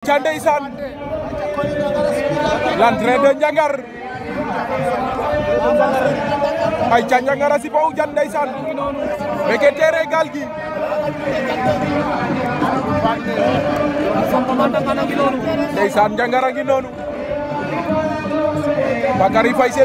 Janda Isan dan de Ndiangar Hai Janda Ndiangar si Pau Janda Isan. meke terrain gaal gi ndeysaan Ndiangar a ngi berbagi Bakary Faye